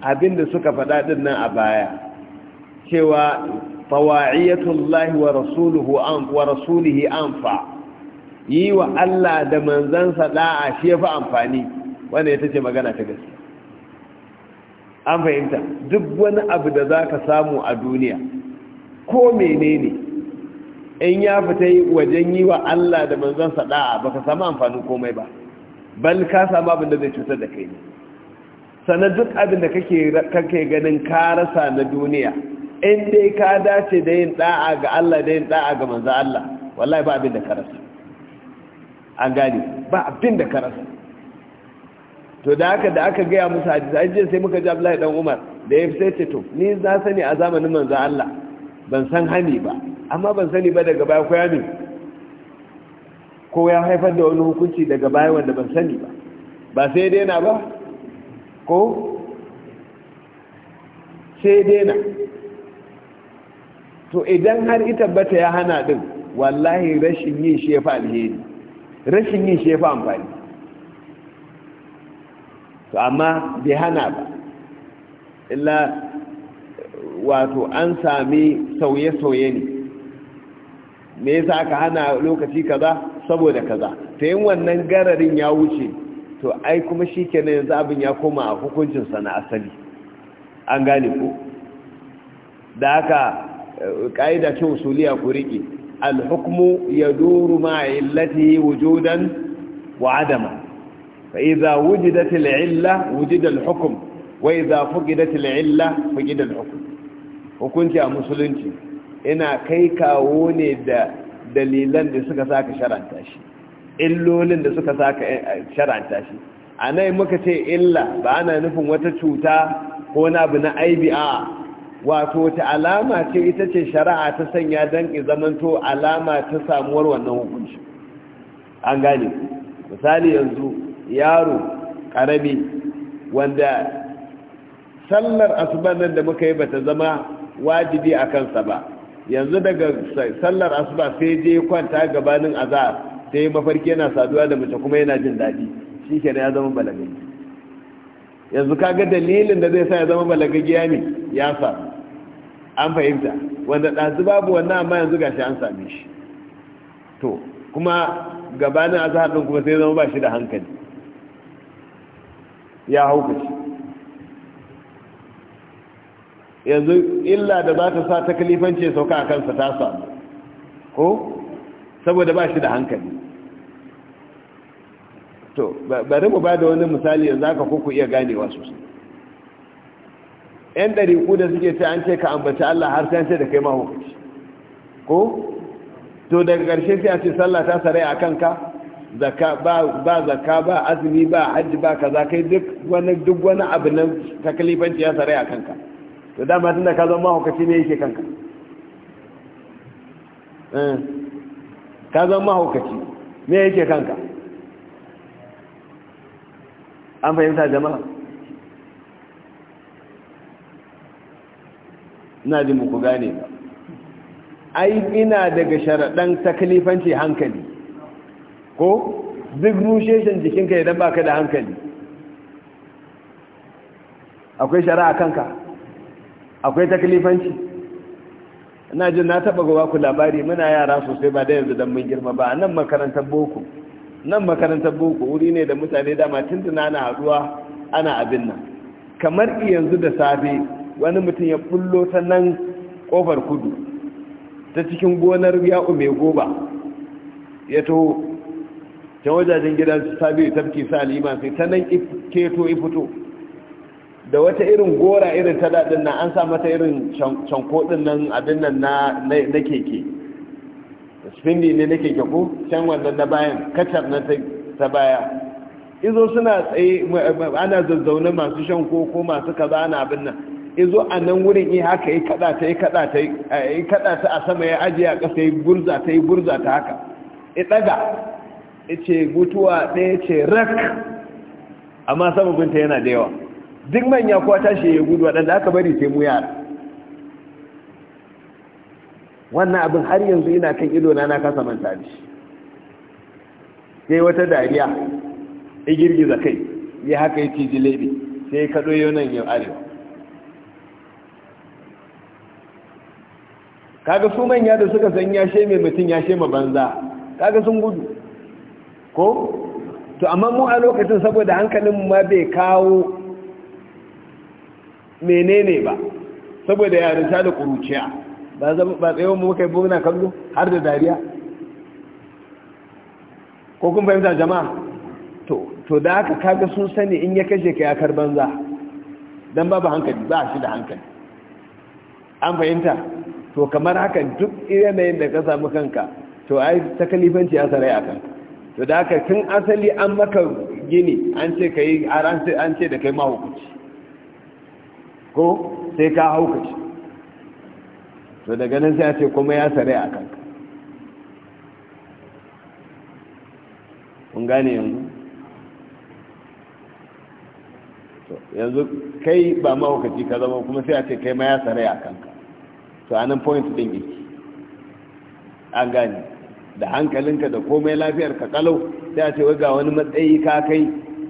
abinda suka faɗa nan a baya cewa fawa'iyatullahi wa rasuluhu an wa rasulihi anfa yi wa Allah da manzansa da'a shi ya fi amfani wannan ita ce magana ta gaske an fahimta duk wani abu da zaka samu a duniya ko menene in ya fita wajen yi wa Allah da manzansa da'a baka samu amfanin komai ba bal ka samu abin da zai cutar da kai ne sannan duk abin da kake ganin ka rasa na duniya in dai ka dace da yin da'a ga Allah da yin da'a ga manzo Allah wallahi ba abin da karasa. an gane ba abin da karasa. to da aka da aka gaya musu hadisi an je sai muka ji Abdullahi dan Umar da ya sai ce to ni za sani a zamanin manzo Allah ban san hani ba amma ban sani ba daga baya ko ya ne ko ya haifar da wani hukunci daga baya wanda ban sani ba ba sai daina ba ko sai daina to idan har ita bata ya hana din wallahi rashin yin shi alheri rashin yin shi amfani to amma bai hana ba illa wato an sami sauye-sauye ne me yasa aka hana lokaci kaza saboda kaza ta yin wannan gararin ya wuce to ai kuma shi kenan yanzu abin ya koma a hukuncinsa na asali an gane ko da haka ƙa'ida ce usuliya ku riƙe Alhukumu ya duru ma'illati wujudan wa adama fa iza wujidat al'illa wujida al-hukm wa iza fuqidat al'illa fuqida al-hukm hukunci a musulunci ina kai kawo ne da dalilan da suka saka sharanta shi illolin da suka saka eh, sharanta shi anai muka ce illa ba ana nufin wata cuta ko na abu na aibi a wato ta alama ce ita ce shari'a ta sanya don zamanto alama ta samuwar wannan hukunci an gane misali yanzu yaro ƙarami, wanda sallar asuban nan da muka yi ba ta zama wajibi a kansa ba yanzu daga sallar asuba sai je kwanta gabanin azahar sai mafarki yana saduwa da mace kuma yana jin daɗi shi ke ya zama balagai. yanzu kaga dalilin da zai sa ya zama balagagiya ne ya samu an fahimta wanda ɗazu babu wannan amma yanzu gashi an same shi to kuma gabanin azahar ɗin kuma sai zama ba shi da hankali ya shi yanzu illa da za ta sa ta kalifance sauka a kansa ta samu ko saboda ba shi da hankali to bari mu ba da wani misali yanzu haka ku iya ganewa sosai yan ɗariƙu da suke ce an ce ka ambaci Allah har sai an ce da kai mahaukaci ko to daga ƙarshe sai a ce sallah ta sarai a kanka ba ba zaka ba azumi ba hajji ba kaza kai duk wani duk wani abu nan takalifanci ya sarai a kanka to dama tunda ka zama mahaukaci ne yake kanka eh. ka zama mahaukaci me yake kanka an fahimta jama'a ina ji muku gane ba ai ina daga sharaɗan taklifanci hankali ko duk rusheshen jikinka idan baka da hankali akwai shari'a kanka akwai taklifanci ina jin na taɓa gaba ku labari muna yara sosai ba da yanzu don mun girma ba a nan makarantar boko nan makarantar boko wuri ne da mutane dama tuntuna nana haduwa ana abin nan kamar yanzu da safe wani mutum ya bullo ta nan kofar kudu ta cikin gonar ya'u mai goba ya to ta wajajen gidan su ya tafki sa liman sai ta nan keto ya fito. da wata irin gora irin ta daɗin nan an sa mata irin cankodin nan abin nan na keke spindi ne nake kyaku can wannan na bayan kacar na ta baya izo suna tsaye ana zazzaune masu shan koko masu kaza ana abin nan izo a nan wurin yi haka yi kada yi kada yi kada a sama ya ajiye a ƙasa yi burza ta yi burza ta haka ya ɗaga ya ce gutuwa ɗaya ce rak amma sababinta yana da yawa duk manya kuwa tashi ya gudu waɗanda aka bari sai yara wannan abin har yanzu ina kan ido na na kasa manta da shi sai wata dariya ya girgiza kai ya haka ya jilebi sai ka ɗoyo nan yau arewa kaga su manya da suka san ya sheme mutum ya ma banza kaga sun gudu ko to amma mu a lokacin saboda hankalin ma bai kawo menene ba saboda yarinta da ƙuruciya ba wani muka yi muna kallo har da dariya ko kun fahimta jama'a to da aka kaga sun sani in ya kashe ka ya karban za don ba hankali ba shi da hankali an fahimta to kamar haka duk yanayin da ka samu kanka to ai ta kalifanci ya sarai a kanka to da aka tun asali an maka gini an ce ka yi an ce da kai mahukuci ko sai ka haukaci to daga nan sai a ce kuma ya sare a kanka kun gane yanzu yanzu kai ba mahaukaci ka zama kuma sai a ce kai ma ya sare a kanka to a nan point din yake an gane da hankalinka da komai lafiyar ka kalau sai a ce wai ga wani matsayi ka kai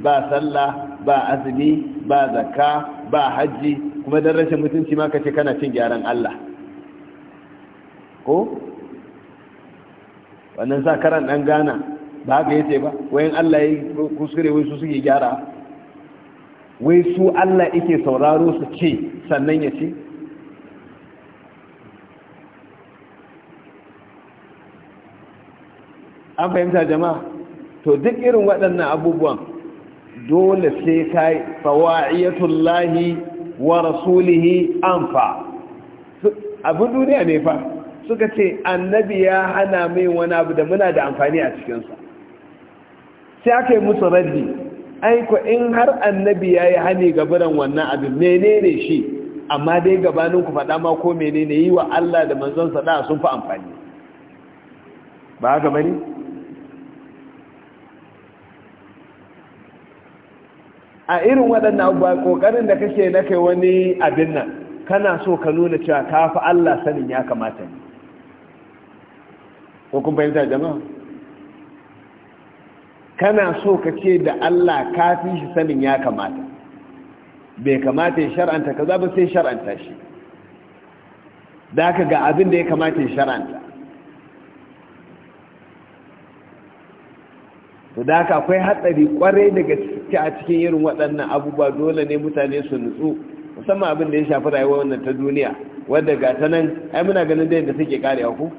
ba sallah ba azumi ba zakka ba hajji kuma don rashin mutunci ma ka ce kana cin gyaran Allah ko wannan sakaran ɗan gana ba haka yace ba wayan Allah ya kuskure wai su suke gyara wai su Allah yake sauraro su ce sannan ya ce an fahimta jama'a to duk irin waɗannan abubuwan dole sai kai yi fawa'iyatullahi wa rasulihi anfa abin duniya ne fa suka ce annabi ya hana mai wani abu da muna da amfani a cikinsa sai aka yi musu raddi aiko in har annabi ya yi hane gabaran wannan abin menene shi amma dai gabanin ku faɗa ma ko menene yi wa Allah da manzonsa da sun fi amfani ba haka bane a irin waɗannan abubuwa ƙoƙarin da kake na kai wani abin nan kana so ka nuna cewa ka fi Allah sanin ya kamata ne ko kun fahimta jama'a kana so ka ce da Allah kafin shi sanin ya kamata bai kamata ya shar'anta kaza ba sai shar'anta shi da ka ga abin da ya kamata ya shar'anta to da aka akwai hatsari kwarai daga a cikin irin waɗannan abubuwa dole ne mutane su nutsu musamman abin da ya shafi rayuwar wannan ta duniya wadda ga ta nan ai muna ganin da yadda karewa ku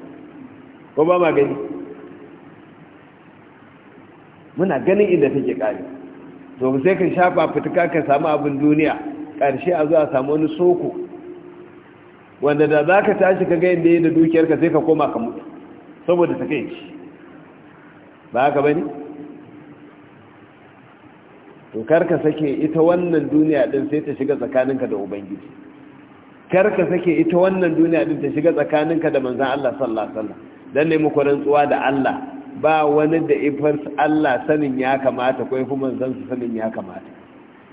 ko ba ma gani muna ganin inda take kare to sai ka shafa fituka ka samu abin duniya ƙarshe a zuwa samu wani soko wanda da za ka tashi ka ga inda ya da dukiyarka sai ka koma ka mutu saboda ta kai shi ba haka ba ne? to karka sake ita wannan duniya din sai ta shiga tsakaninka da ubangiji karka sake ita wannan duniya din ta shiga tsakaninka da manzan Allah sallallahu alaihi wasallam dan ne muku rantsuwa da Allah ba wani da ifar Allah sanin ya kamata ko ifi manzon su sanin ya kamata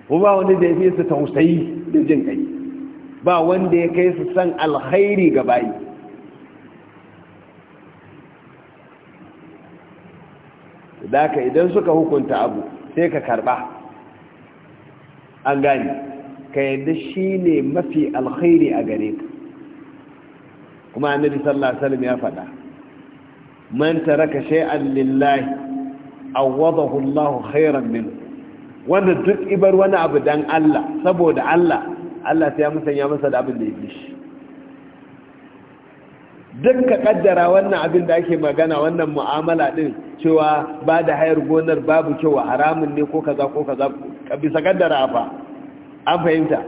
ko ba wani da fi su tausayi da jin kai ba wanda ya kai su san alkhairi ga bayi daka idan suka hukunta abu sai ka karba an gani ka yadda shi ne mafi alkhairi a gare ka kuma annabi sallallahu alaihi wasallam ya faɗa man taraka shay'an lillahi awadahu Allah khairan min wanda duk ibar wani abu dan Allah saboda Allah Allah sai ya musanya masa da abin da yake duk ka kaddara wannan abin da ake magana wannan mu'amala din cewa ba da hayar gonar babu kyau haramun ne ko kaza ko kaza Ka bisa kaddara fa an fahimta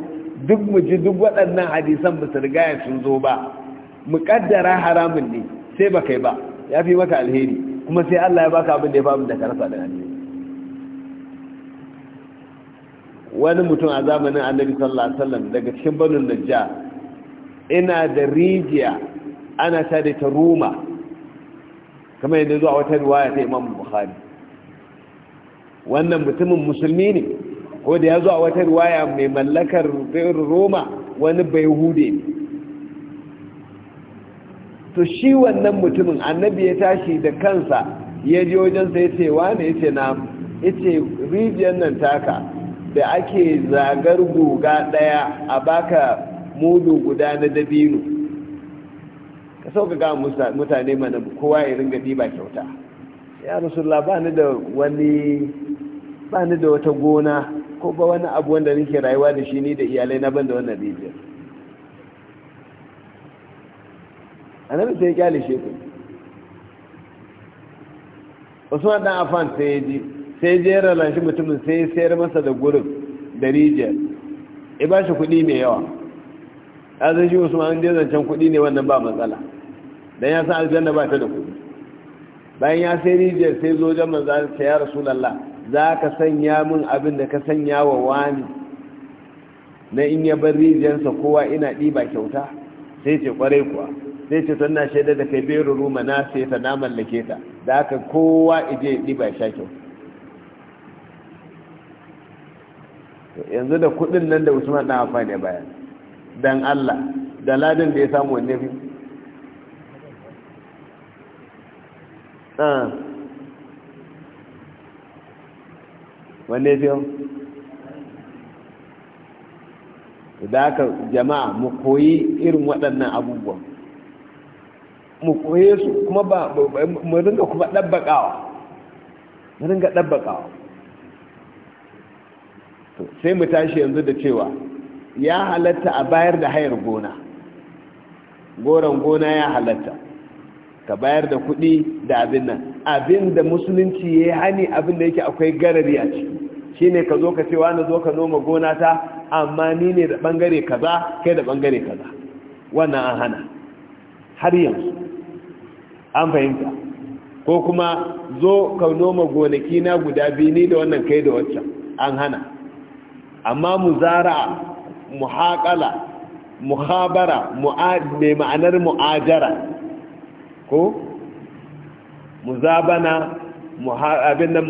duk mu ji duk waɗannan hadisan ba su rigaya sun zo ba mu kaddara haramun ne sai ba kai ba ya fi maka alheri kuma sai Allah ya baka abin da ya fi abin da ka rasa da alheri wani mutum a zamanin annabi sallallahu alaihi wasallam daga cikin banun najja ina da rijiya ana ta da ta roma kamar yadda zuwa wata riwaya ta imam bukhari wannan mutumin musulmi ne ko da ya zuwa wata riwaya mai mallakar roma wani bai hude ne to shi wannan mutumin annabi ya tashi da kansa ya ji wajen sai ce wane ya ce na ya ce rijiyar nan taka da ake zagar guga ɗaya a baka mudu guda na dabino ka sauka ga mutane mana kowa ya gadi ba kyauta ya rasulullah ba da wani ba ni da wata gona ko ba wani abu wanda nake rayuwa da shi ni da iyalai na ban da wannan rijiyar annabi sai ya kyale shi ku usman dan afan sai ya ji sai jera lashi mutumin sai ya sayar masa da gurin da rijiyar ya ba shi kuɗi mai yawa ya zai shi usman da can kuɗi ne wannan ba matsala don ya san aljanna ba ta da kuɗi bayan ya sai rijiyar sai zo jan manzo ta ya rasulullah za ka sanya min abin da ka sanya wa wani na in ya bar rijiyarsa kowa ina ɗiba kyauta sai ce kwarai kuwa zai ce tana shaidar da kai beru ruma na sai ta na mallake ta da haka kowa ije ɗiba ya sha kyau yanzu da kudin nan da usman na amfani bayan dan allah da ladin da ya samu wanne fi ah. wanne fi da haka jama'a mu koyi irin waɗannan abubuwan mu koye su kuma ba mu ringa kuma ɗabbaƙawa mu ringa ɗabbaƙawa sai mu tashi yanzu da cewa ya halatta a bayar da hayar gona goron gona ya halatta ka bayar da kuɗi da abin nan abin da musulunci ya yi hani abin da yake akwai garari a ciki shi ne ka zo ka cewa na zo ka noma gona ta amma ni ne da ɓangare kaza kai da ɓangare kaza wannan an hana har yanzu an fahimta ko kuma zo ka noma gonaki na guda biyu ni da wannan kai da waccan an hana amma muzara mu habara mai ma'anar mu'ajara ko muzabana abin nan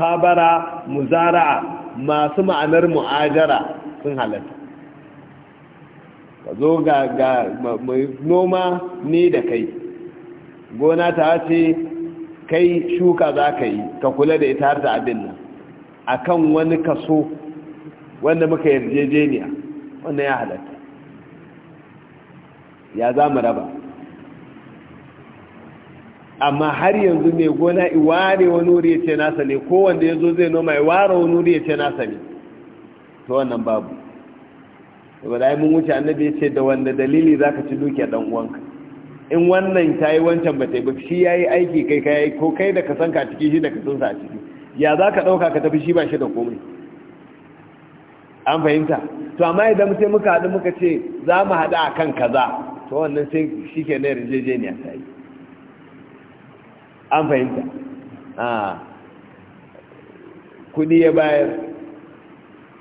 habara, mu zara, masu ma'anar mu'ajara sun halatta ka zo ga noma ne da kai gona ta ce kai shuka za ka yi ka kula da ita har da abin nan a kan wani kaso wanda muka yarjejeniya wanda ya halatta ya za mu raba amma har yanzu mai gona iware wani wuri ya ce nasa ne kowanda ya zo zai noma iware wani wuri ya ce nasa ne to wannan babu saboda mun wuce annabi ya ce da wanda dalili za ka ci dukiya dan uwanka in wannan ta yi wancan ba ta ba shi ya yi aiki kai kai ko kai da ka san ka ciki shi da ka tunsa a ciki ya za ka ɗauka ka tafi shi ba shi da komai an fahimta to amma idan mutum muka haɗu muka ce za mu haɗu a kan kaza to wannan sai shi ke na yarjejeniya ta yi an fahimta ah. kuɗi ya bayar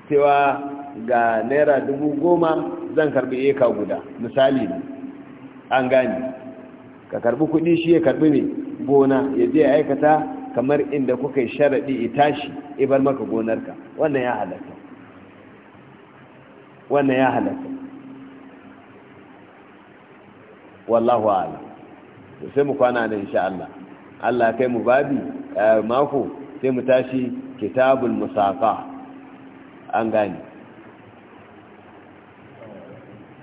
cewa ga naira dubu goma zan karbi eka guda misali ne an gani ka karbi kudi shi ya karbi ne gona ya je aikata kamar inda kuka yi sharaɗi ya tashi ibar maka gonarka wannan ya halatta wannan ya halatta wallahu ala sai mu kwana nan insha Allah Allah kai mu babi eh, mako sai mu tashi kitabul musaqa an gani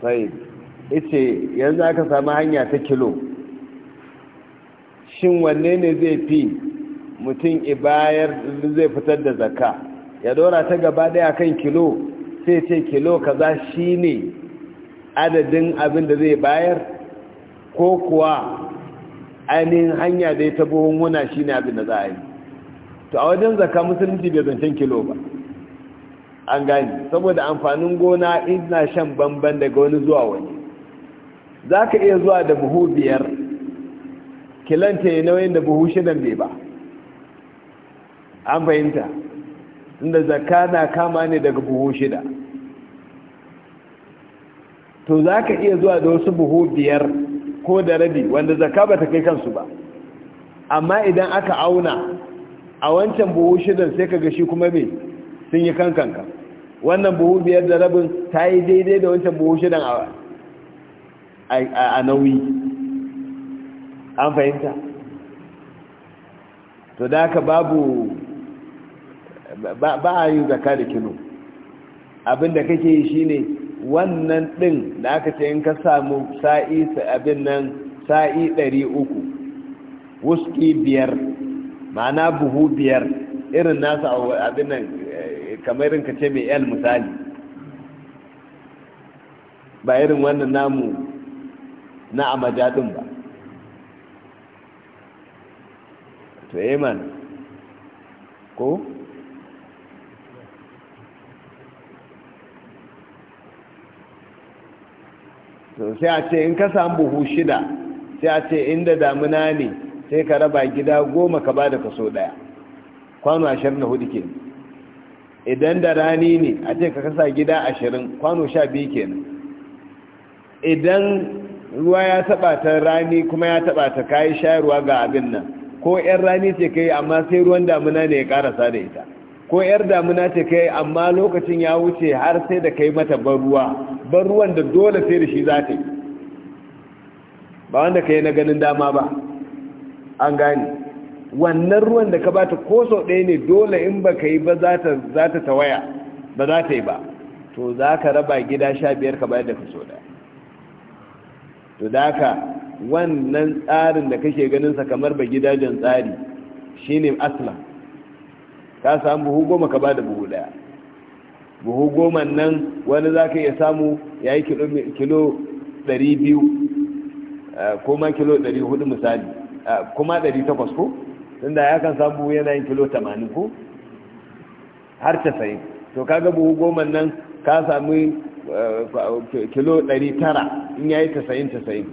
sai ice yanzu aka sami hanya ta kilo shin wanne ne zai fi mutum ibayar zai fitar da zakka ya dora ta gaba daya kan kilo sai ce kilo kaza shine adadin abin da zai bayar ko kuwa ainihin hanya da ya tabo shi shine abin da za a yi to a wajen zakka musulunci bai zancen kilo ba an gani saboda amfanin gona ina shan bamban daga wani zuwa wani za ka iya zuwa da buhu biyar kilanta ya nauyin da buhu shidan bai ba an fahimta inda zakka na kama ne daga buhu shida to za ka iya zuwa da wasu buhu biyar ko da rabi wanda zakka ba ta kai kansu ba amma idan aka auna a wancan buhu shidan sai ka gashi kuma mai sun yi kankanka wannan buhu biyar da rabin ta yi daidai da wancan buhu shidan a nauyi an fahimta to da haka babu ba a yi zaka da kilo abinda kake yi shine wannan din da aka ce in ka samu sa'i abin nan sa'i 300 wuski biyar ma'ana buhu biyar irin nasa abin nan eh, kamar irin ka ce mai 'yan misali ba irin wannan namu na amajadin ba to eman eh, ko to sai a ce in ka samu buhu shida sai a ce inda damuna ne sai ka raba gida goma ka ba da kaso daya kwano ashirin na hudu ke idan da rani ne a ce ka kasa gida ashirin kwano sha biyu ke idan ruwa ya taba ta rani kuma ya taba ta kayi shayarwa ga abin nan ko 'yan rani ce ka yi amma sai ruwan damuna ne ya karasa da ita ko 'yar damuna ce ka yi amma lokacin ya wuce har sai da ka yi mata ban ruwa da dole sai da shi za ta yi ba wanda ka yi na ganin dama ba an gane wannan ruwan da ka bata ko sau ɗaya ne dole in ba ka yi ba za ta tawaya ba za ta yi ba to za ka raba gida sha biyar ka bayar da so ɗaya to da ka wannan tsarin da kake ganinsa kamar ba gidajen tsari shine aslan ka samu buhu goma ka bada buhu ɗaya buhu goma nan wani za ka iya samu ya yi kilo eh, ko kuma kilo hudu misali eh, kuma takwas ko tun da ya kan samu yana yin kilo 80 ko har 90 to kaga buhu goma nan ka sami eh, kilo 900 in yayi 90 90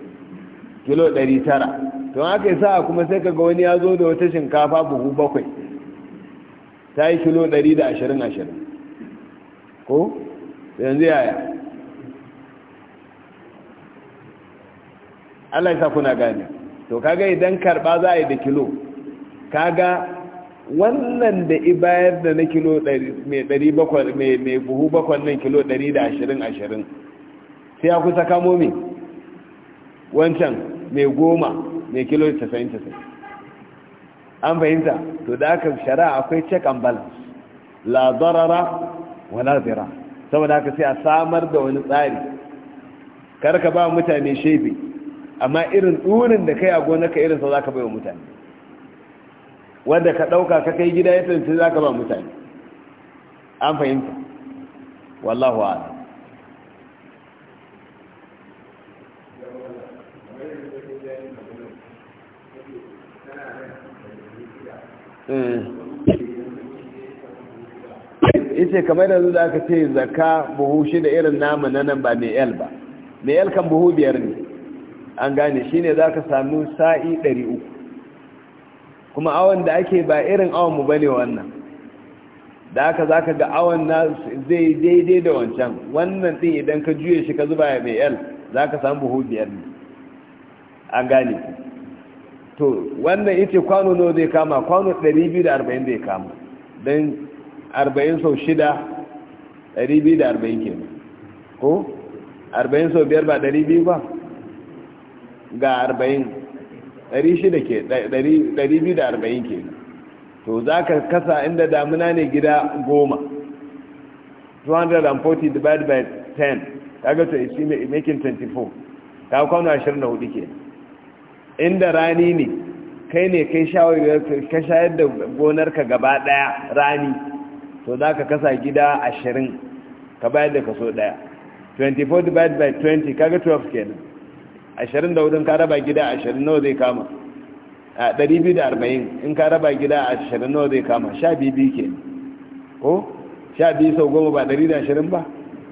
kilo 900 to haka yasa kuma sai kaga wani ya zo da wata shinkafa buhu bakwai ta yi kilo 120 20 ko yanzu yaya Allah ya sa kuna gani to kaga idan karba za a yi da kilo kaga wannan da ibayar da na kilo mai buhu bakwai nan kilo 120-20 sai ya kusa kamo mai wancan mai goma mai kilo 90-90 an fahimta to da aka shari'a akwai check and balance la darara wa la zira saboda haka sai a samar da wani tsari karka ba mutane shebe amma irin tsurin da kai a irin sau za ka bai wa mutane wanda ka ɗauka ka kai gida ya tsinci za ka ba mutane an fahimta wallahu ala ita eh. kamar yanzu zuwa aka ce zaka buhu da irin nama na nan ba mai el ba mai el kan buhu biyar ne an gane shi ne za ka sami sa'i uku. kuma awon da ake ba irin awon mu bane wannan da aka za ka ga awon na zai daidai da wancan wannan din idan ka juye shi ka zuba ya mai l za ka samu buhu biyar ne an gane to wannan ita kwano nawa zai kama kwano 240 zai kama don 40 sau 6 240 ke ko 40 sau 5 ba 200 ba ga 40 600 ke 240 ke to za ka kasa inda damuna ne gida goma 240 divided by 10 kaga to isi making 24 ta kwana 24 ke inda rani ne kai ne kai shayar da gonarka gaba daya rani to za ka kasa gida 20 ka bayar da kaso daya 24 divided by 20 kaga 12 kenan ashirin da hudun ka raba gida ashirin nawa zai kama a ɗari biyu da arba'in in ka raba gida ashirin nawa zai kama sha biyu biyu ke ko sha biyu sau goma ba ɗari da ashirin ba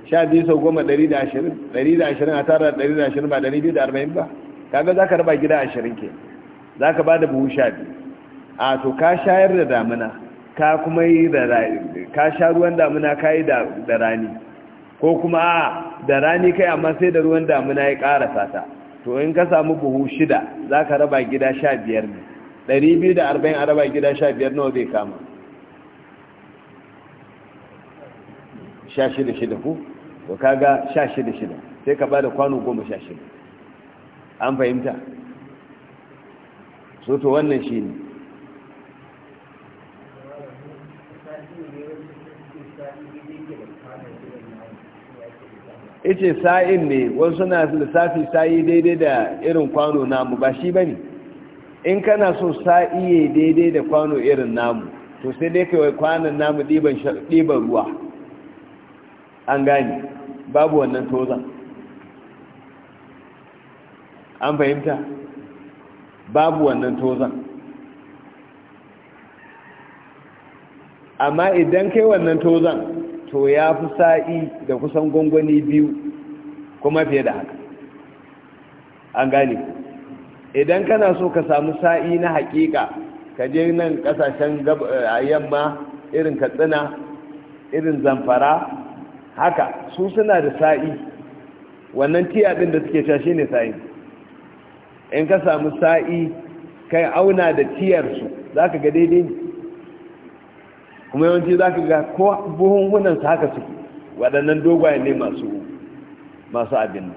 sha biyu sau goma ɗari da ashirin ɗari da ashirin a tara ɗari da ashirin ba ɗari biyu da arba'in ba kaga za ka raba gida ashirin ke za ka ba da buhu sha biyu a to ka shayar da damina ka kuma yi da ka sha ruwan damina ka yi da rani ko kuma a da rani kai amma sai da ruwan damina ya ƙara ta to in ka samu buhu shida za ka raba gida sha biyar ne ɗari biyu da arba'in a raba gida sha biyar nawa zai kama sha shida shida ku to kaga sha shida shida sai ka ba da kwano goma sha shida an fahimta so to wannan shi ne ce sa'in ne wasu suna lissafi sa'i daidai da irin kwano namu ba shi ne in kana so sa'i daidai da kwano irin namu to sai dai kawai kwanan namu ɗiban ruwa an gani babu wannan tozan an fahimta babu wannan tozan amma idan kai wannan tozan to ya fi sa'i da kusan gwangwani biyu kuma fiye da haka an gane idan kana so ka samu sa'i na haƙiƙa ka je nan kasashen eh, yamma irin katsina irin zamfara haka su suna da sa'i wannan tiya da suke sha ne sa'i in ka samu sa'i kai auna da tiyarsu za ka ga daidai kuma yawanci za ka ga ko buhunhunan su haka suke waɗannan dogwaye ne masu masu abin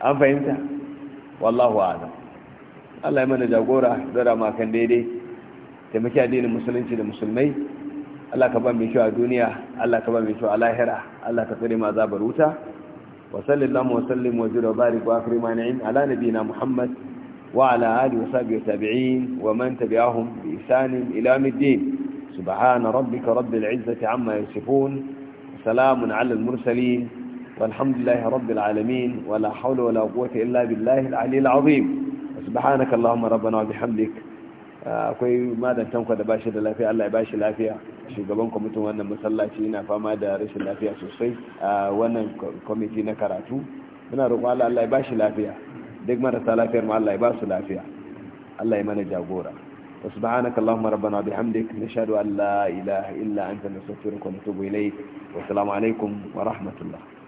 an fahimta wallahu ala Allah ya mana jagora zara makan daidai taimaki addinin musulunci da musulmai Allah ka ba mai kyau a duniya Allah ka ba mai kyau a lahira Allah ka tsare ma zabar wuta wa sallallahu wa wa jira barik wa akrima na'im ala nabina muhammad wa ala alihi wa sahbihi tabi'in wa man tabi'ahum bi ihsan ila yawmiddin سبحان ربك رب العزة عما يصفون سلام على المرسلين والحمد لله رب العالمين ولا حول ولا قوة إلا بالله العلي العظيم سبحانك اللهم ربنا وبحمدك akwai madan da bashi da lafiya Allah ya bashi lafiya shugaban kwamitin wannan masallaci yana fama da rashin lafiya sosai a wannan kwamiti na karatu muna roƙon Allah Allah ya bashi lafiya duk marasa lafiyar ma Allah ya ba su lafiya Allah ya mana jagora وسبحانك اللهم ربنا بحمدك نشهد أن لا إله إلا أنت نستغفرك ونتوب إليك والسلام عليكم ورحمة الله